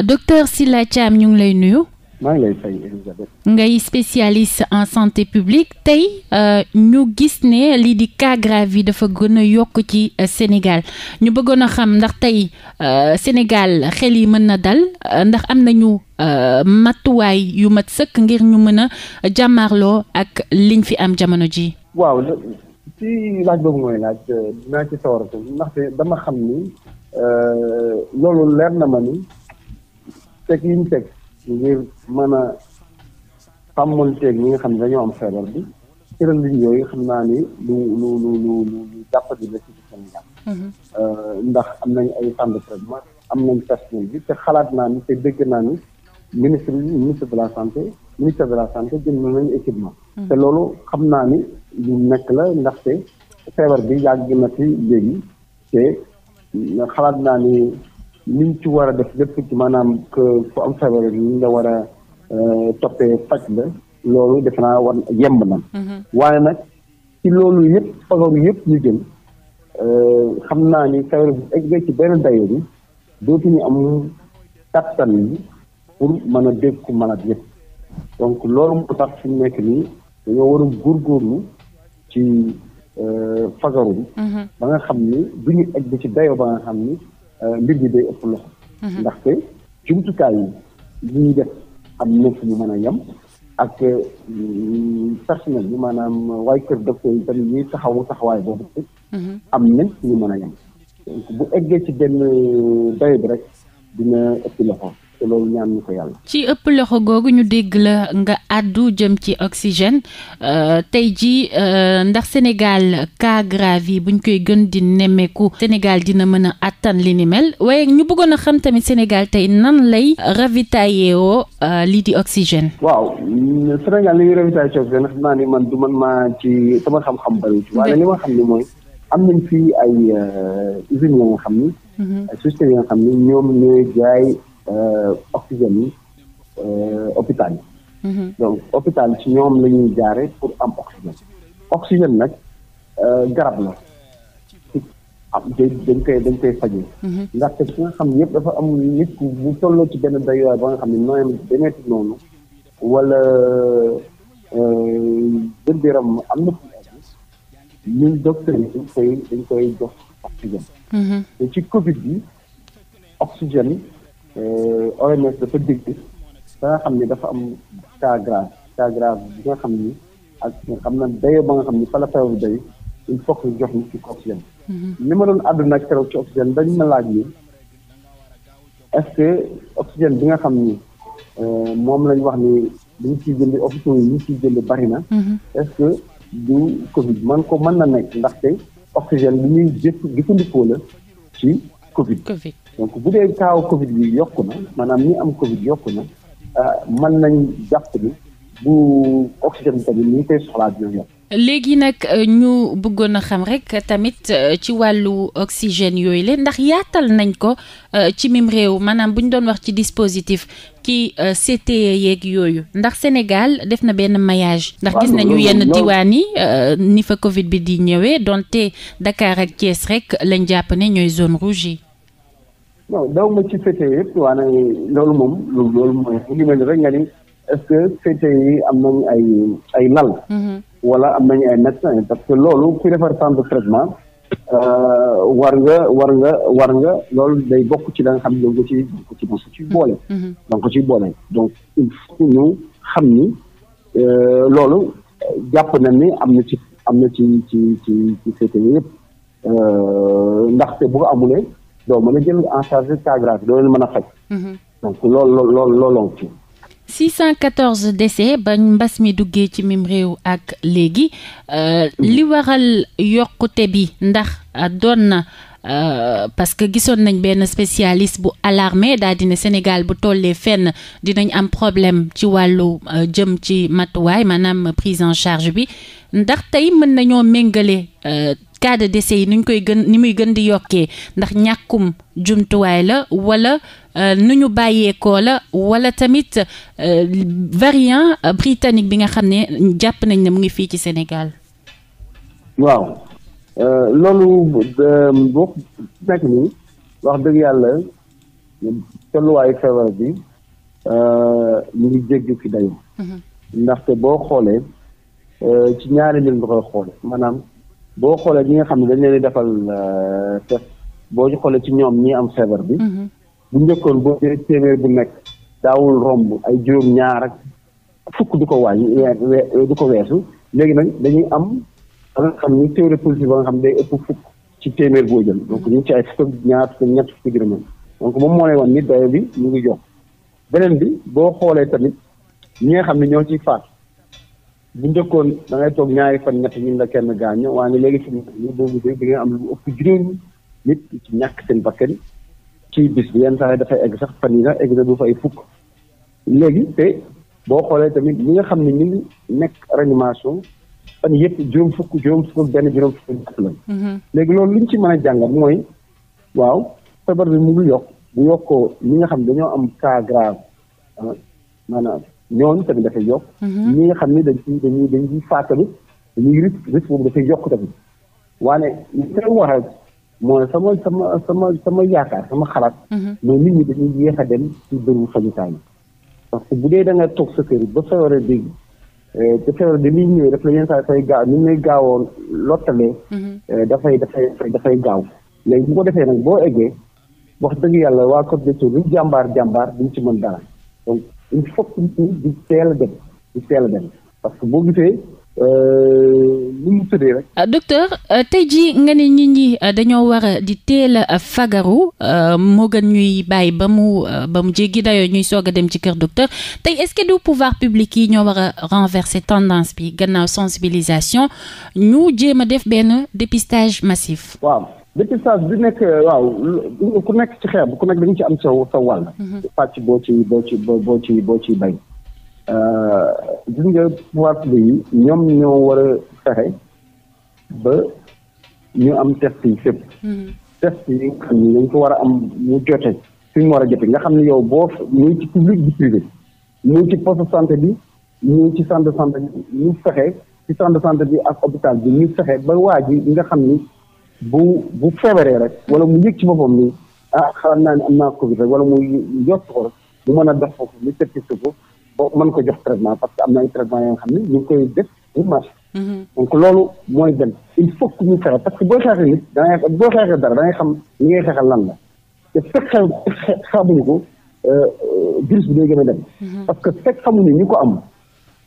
Euh, docteur Sylla Thiam ñu ngi lay nuyu. maa ngay spécialiste en santé publique tey euh, ñu gis ne lii di cas yi dafa gën a yokk ci euh, Sénégal ñu bëggoon a xam ndax tey Sénégal xel yi mën na dal ndax am nañu matuwaay yu mat sëkk ngir ñu mën a jàmmaarloo ak liñ fi am jamono ji. waaw ci laaj boobu mooy laaj dama xam ni loolu leer na ma ni. teg yi ñu teg ngir mën a sàmmanteeg ñi nga xam ne dañoo am feebar bi tëralin yooyu xam naa ni lu lu lu lu lu jàppandi la ci Sénégal mm-hmm. ndax am nañ ay plan de traitement am nañ personnel bi te xalaat naa ni te dégg naa ni ministre bi ministre de la santé ministère de la santé jënd nañu équipement mm-hmm. te loolu xam naa ni lu nekk la ndaxte feebar bi yàgg na fi léegi te xalaat naa ni liñ ci war a def lépp ci maanaam fu am feebar liñ la war a euh, toppee faj la loolu defe naa war yemb na. Mhm. waaye nag ci loolu yëpp fagaru yëpp ñu jël euh, xam naa ni feebar bu eggee ci benn dayo bi ñu am kattan yi pour mën a dékku malade yëpp donc loolu moo tax fi mu nekk nii dañoo war a góorgóorlu ci euh, fagaru. Mhm. ba nga xam ni bu ñu egg ci dayo ba nga xam ni. Euh, mbir gi day ëpp loxo. Mhm. ndax jumtukaay yi ñuy def am na fu ñu mën a yem ak euh, personnel bi maanaam waaye kër docteur yi tamit ñuy taxawu taxawaay boobu mhm. am na fu ñu mën a yem. donc bu eggee ci benn euh, dayo bi rek dina ëpp loxo. te loolu ci ëpp loxo googu ñu dégg la nga àddu jëm ci oxygène euh, tey ji euh, ndax Sénégal cas grave buñ koy gën di nemmeeku Sénégal dina mën a àttan li ni mel waaye ñu bëggoon a xam tamit Sénégal tey nan lay ravitaillé woo euh, lii di oxygène. waaw Sénégal li ñuy ravitaillé ci oxygène xam naa ni man du man maa ci sama xam-xam bari waaye li ma xam ni mooy am nañ fii ay usines yi mhm. xam ni. ñoom ñooy jaay. E, oxygène yi e, hôpital yi. Mhm. donc hôpital ci ñoom lañuy ñuy jaare pour am oxygène oxygène nag e, garab la am dañ koy dañ koy fajee. Mhm. ndaxte ki nga xam ne yëpp dafa am nit ku bu tolloo ci benn dayuwaay ba nga ne nooyam demeeti noonu wala gën-biram am na ñun docteur yi dañ koy dañ koy jox oxygène. Mhm. te ci Covid bi oxygène. Euh, OMS dafa dégg ba nga xam ni dafa am cas grave cas grave bi nga xam ni ak xam na dayoo ba nga xam ni fa la bi day il faut jox ñu ci oxygène li mhm. ma doon àdduna ak keroog ci oxygène dañ ma laaj ni est-ce que oxygène bi nga xam ni euh, moom lañ wax ni liñ ciy jënd hôpitaux yi ñu ciy jënd bari na mhm. est-ce que du Covid man ko mën na nekk ndaxte oxygène bi ñuy jëf jëfandikoo la ci Covid donc bu dee kaaw Covid bi yokku na maanaam ñi am Covid yokku na ah, mën nañ jàpp ni bu oxygène bi tamit léegi nag euh, ñu bëggoon a xam rek tamit euh, ci wàllu oxygène yooyu la ndax yaatal nañ ko euh, ci mim réew maanaam bu ñu doon wax ci dispositif ki CTE yeeg yooyu ndax Sénégal def na benn mayage ndax gis nañu yenn diwaan yi ni fa Covid bi di ñëwee donte Dakar ak Thiès rek lañ jàpp ne ñooy zone rouge yi. non daw ma ci féete yëpp waane loolu moom loolu mooy mu ngi rek nga ni est-ce que féete yi am nañ ay ay lal mm-hmm. wala am nañ ay médecin parce que loolu ku defar centre de traitement euh, war nga war nga war nga loolu day bokk ci la xam ne danga ci danga ko ci danga ci boole danga ko ci mm-hmm. Mm-hmm. boole donc il faut ñu xam ni euh, loolu jàpp na ni am na ci am na ci ci ci ci féete yi yëpp euh, ndaxte bu ko amulee doo mën a jël en charge cas grave doo leen mën a faj. Mhm. donc loolu loolu looloo ci. 614 décès ba mbas mi duggee ci mim réew ak léegi euh, mm. li waral yokkute bi ndax doon na euh, parce que gisoon nañ benn spécialiste bu alarmé daal dina Sénégal bu tollee fenn dinañ am problème ci wàllu euh, jëm ci matuwaay maanaam prise en charge bi ndax tey mën nañoo méngale euh, cas de yi ni ñu koy gën ni muy gën di yokkee ndax ñàkkum jumtuwaay la wala euh, nu ñu bàyyeekoo la wala tamit euh, variant euh, britannique bi nga xam ne jàpp nañ ne mu ngi fii ci senegal waaw loolu boo nekk ni wax dëgg yàlla tolluwaayu feebar bi ñu ngi jéggi fi dayo mhm. ndaxte boo xoolee ci ñaari mbir nga koy xoole boo xoolee ñi nga xam ne dañ leen di defal euh, boo ci xoolee ci ñoom ñi am feebar bi. Mm-hmm. bu njëkkoon boo jëlee téeméer bu nekk daawul romb ay juróom-ñaar ak fukk du ko wàññi du ko weesu léegi nag dañuy am ba nga xam ni téere positive ba nga xam day ëpp fukk ci téeméer boo jël donc ñu ngi ci ay fukk ñaar fukk ñett fukk juróom donc moom moo lay wan ni dayo bi mu ngi jox beneen bi boo xoolee tamit ñi nga xam ne ñoo ciy faat. bu njëkkoon da ngay toog ñaari fan ñett ñun la kenn gaañoo waaye léegi ci ñun boobu da nga am nit ci ñàkk seen bakkan ci bis bi yenn saa dafay egg sax fan yi sax egg na du fay fukk léegi te boo xoolee tamit ñi nga xam ne ñu ngi nekk réanimation fan yëpp juróom fukk juróom fukk benn juróom fukk ak la mm-hmm. léegi loolu li ci mën a jàngat mooy waaw feebar bi mu ngi yokk bu yokkoo ñi nga xam dañoo am cas grave ah, maanaam ñooñu tamit dafay yokk. Mhm. ñi nga xam ne dañ ciy dañuy dañ ciy faat tamit dañuy risque risque boobu dafay yokk tamit waane li koy sama sama sama sama yaakaar sama xalaat. Mhm. mooy nit ñi dañuy yéex a dem ci bërëbu fajukaay yi. parce que bu dee da toog sa kër ba feebar a dégg eh, te bi muy ñëwee daf la yenn saa say gaaw ni gaawoon lottalee. Mhm. Eh, dafay dafay dafay gaaw léegi bu ko defee nag boo eggee wax dëgg yàlla waa Côte d'Azur luñ jàmbaar jàmbaar duñ ci mën dara il euh, euh, docteur euh, tey jii nga ne nit ñi dañoo war a di teel a fagaru moo gën ñuy bàyyi ba mu ba mu jéggi dayoo ñuy soog a dem ci kër docteur tey est-ce que du pouvoir public yi ñoo war a renverser tendance bi gannaaw sensibilisation ñu jéem a def benn dépistage massif. waaw. dépistage bi nekk euh, waaw ku nekk ci xeebu ku nekk dañu ci am sa sa wàll. Mhm. pàcc boo ci boo ci boo ci boo ci bay. Euh, gis nga pouvoir bi yi ñoom ñoo war a fexe ba ñu am test yi fépp. Mhm. test yi nga xam ne dañ ko war a am mu jote fi mu war a jote nga xam ne yow boo muy ci public di privé muy ci poste de santé bi muy ci centre de bi ñu fexe ci centre de santé bi ak hôpital bi ñu fexe ba waa ji nga xam ni. bu bu feebaree rek wala mu yëg ci boppam ni ah xalaat naa ne am naa wala mu jot ko mu mën a def foofu ñu certifié ko ba mën ko jox traitement parce que am na ay traitement yoo xam ne ñu ngi koy def bu marché mhm. donc loolu mooy dem il faut que muy fexe parce que booy xeexe nit da ngay boo xeexee dara da xam li ngay xeexal lan la te fekk xe xamuñu ko euh, virus bi day gën a dem mhm. parce que fekk xamuñu ñu ko am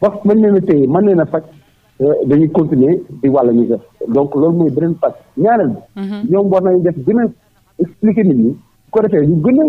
ba mën leen a téye man leen a faj Euh, dañuy continuer di wàll ñu def donc loolu mooy beneen pàcc ñaareel bi mhm. ñoom war nañu def gën a expliquer nit ñi ko defee ñu gën a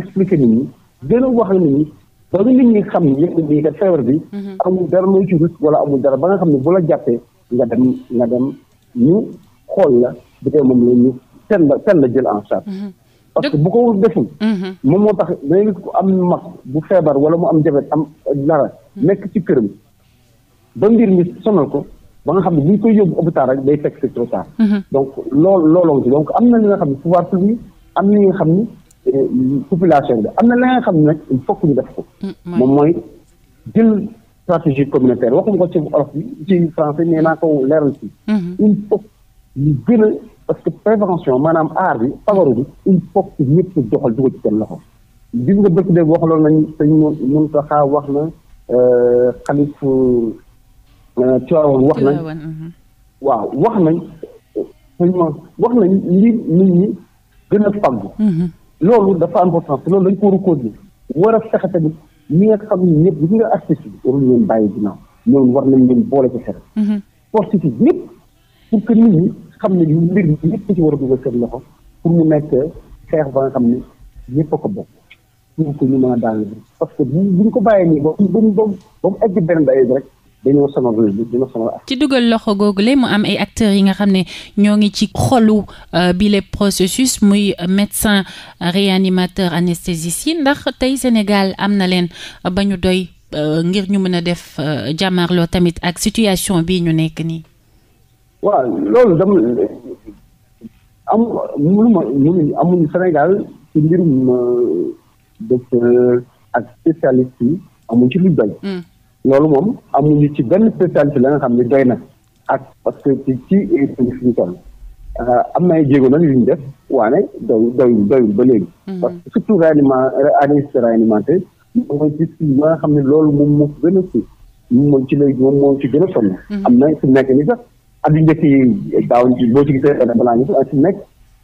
expliquer nit ñi gën a wax nit ñi ba nga nit ñi xam ne yéen nii kat feebar bi mhm. amul dara loo ci rus wala amul dara ba nga xam ne bu la jàppee nga dem nga dem ñu xool la bu tey moom la ñu ten la ten la jël en charge mhm. parce que bu ko deful moom moo tax ko am mag bu feebar wala mu am jabet am dara nekk ci këram ba mbir ko ba nga xam ne bu ñu koy yóbbu hôpital rek day fekk c'est trop tard. Mhm. donc lool looloo ci donc am na lu nga xam ne pouvoir public am na nga xam ni euh, population bi am na la nga xam ne nag il faut que def ko. Mm, moom mooy jël stratégie communautaire waxuma ko ci olof bi ci français nee naa ko leeral ci. Mhm. il faut ñu gën a parce que prévention maanaam aar bi fagaru bi il faut que ñëpp doxal dugal ci seen loxo. gis nga bëgg dégg waxaloon nañ sëñ Mountakha wax na euh, xalif Euh, Tiwaawan wax nañ mhm. waaw wax nañ sëñ ma wax nañ li nit ñi gën a faggu mhm. loolu dafa importance loolu dañ ko war a war a fexe tamit ñi nga xam ne ñëpp ñi nga artiste bi waruñu leen bàyyi ginnaaw ñoom war nañ leen boole ci xel sportif ñëpp pour que nit ñi ne mbir mi ñëpp ci war a dugal seen loxo pour mu nekk xeex ba nga xam ne ñëpp a ko bokk pour a daal parce que bu ko bàyyee nii ba mu ba mu egg benn dayoo rek ci dugal loxo googu googule mu am ay acteurs yi nga xam ne ñoo ngi ci xolu euh, bi les processus muy médecin réanimateur anesthésiste ndax tey Sénégal am na leen ba ñu doy euh, ngir ñu mën a def euh, jàmmarloo tamit ak situation bii ñu nekk nii. waaw loolu dama am mënuma mënuñu amuñu Sénégal ci mbirum docteur ak spécialiste yi ci lu doy. Hmm. loolu moom amuñu ci benn spécialité la nga xam ne doy na ak parce que ci ci fi ñu toll euh, am na ay jéego nag yu ñu def waane doy doyul doyul ba léegi. Hmm. parce que surtout réanimation anesthésie réanimateur mooy ci xam ne loolu moom moo gën a moom ci léegi moom moo ci gën a sonn. Hmm. am na su nekk ni sax at yu njëkk yi daaw boo ci gisee balaa ñu si nekk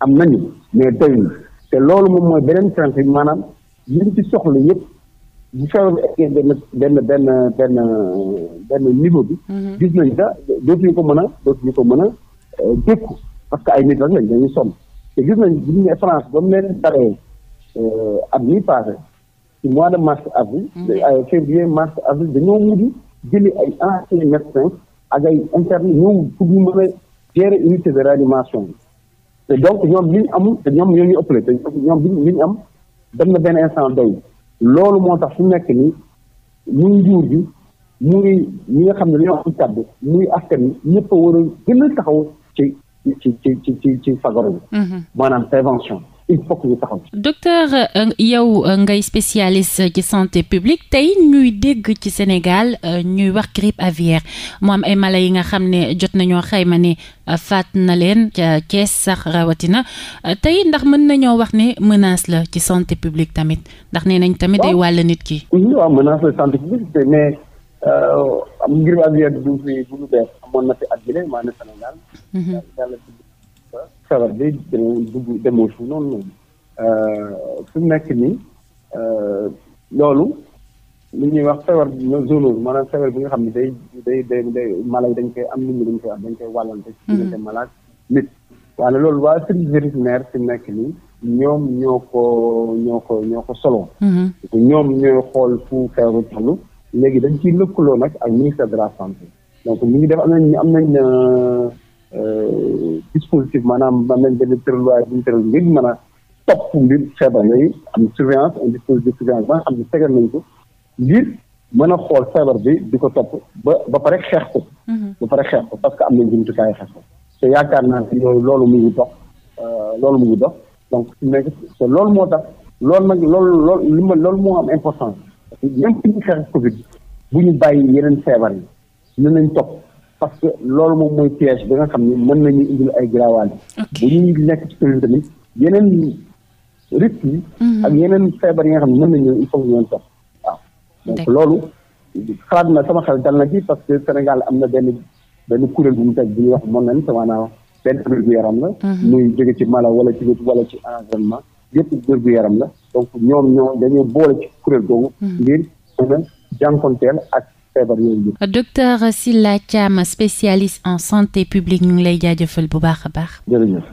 am nañu mais doyul te loolu moom mooy beneen tranche maanaam li ñu ci soxla yëpp. bu feebar bi eggee benn benn benn benn benn niveau bi. Mhm. gis nañ que ko mën a ñu ko mën a euh, dékku parce que ay nit rek lañ dañuy sonn te gis nañ bu ñu nee France ba mu leen daree euh, at mi passé ci mois de mars avril. ay mhm. euh, février mars avril dañoo mujj jëli ay anciens médecins ak ay internes ñëw pour ñu mën a gérer unité de réanimation bi te donc ñoom li ñu am te ñoom ñoo ñu ëppale te ñoom li ñu am dem na benn instant doy. loolu moo tax fu nekk ni muy nguur gi muy ñi nga xam ne dañoo mu kàddu muy askan ñëpp a war a gën a taxaw ci ci ci ci ci ci fagaru bi mm-hmm. maanaam prévention il faut euh, yow euh, ngay spécialiste ci santé publique tey ñuy dégg ci Sénégal euh, ñuy wax grippe aviaire mu am ay mala yi nga xam ne jot nañoo xayma ne faat na leen ca Thiès sax rawatina tey ndax mën nañoo wax ne menace la ci santé publique tamit ndax nee nañ tamit day wàll nit ki. feebar bi dugg demul fu noonu noonu euh, fi mu nekk nii euh, loolu li ñuy wax feebar zoonose maanaam feebar bi nga xam ne day day day day mala dañ koy am nit ñi dañ koy am dañ koy wàllante ci diggante mm-hmm. malade nit waaye loolu waa service vétérinaire fi mu nekk nii ñoom ñoo ko ñoo ko ñoo ko solo mm-hmm. ñoom ñooy xool fu feebar bi léegi dañ ciy lëkkaloo nag ak ministère de la donc ñu ngi def am nañ am nañ euh, Euh, dispositif maanaam mën nañ benn tëralwaay bu ñu tëral ngir mën a topp mbir feebar yooyu am surveillance un dispositif de surveillance ba nga xam ne tegal nañ ko ngir mën a xool feebar bi di ko topp ba ba pare xeex ko. Mm-hmm. ba pare xeex ko parce que am nañ jumtukaay xeex ko te yaakaar naa ne loolu mu ngi dox euh, loolu mu ngi dox donc su nekk te loolu moo tax loolu nag loolu li ma loolu moo am important même si ñu xeex Covid bu ñu bàyyi yeneen feebar yi nañ topp. parce que loolu moom mooy piège bi nga xam ne mën nañu indil ay giraawaale. bu ñuy nekk ci commune tamit yeneen risques yi. Mhm. ak yeneen feebar yi nga xam ne mën nañu il faut ñoon sax waaw. donc loolu xalaat na sama xel dal nag ci parce que Sénégal am na benn benn kuréel bu mu teg bu ñuy wax moom lañ maanaam benn wér gu yaram la. Mhm. muy jóge ci mala wala ci wala ci environnement yëpp wér gu yaram la donc ñoom ñoo dañoo boole ci kuréel googu. Mhm. ngir mën a jànkonteel ak. feebar yooyu yëpp. docteur spécialiste en santé publique ñu ngi lay jaajëfal bu baax a baax. jërëjëf.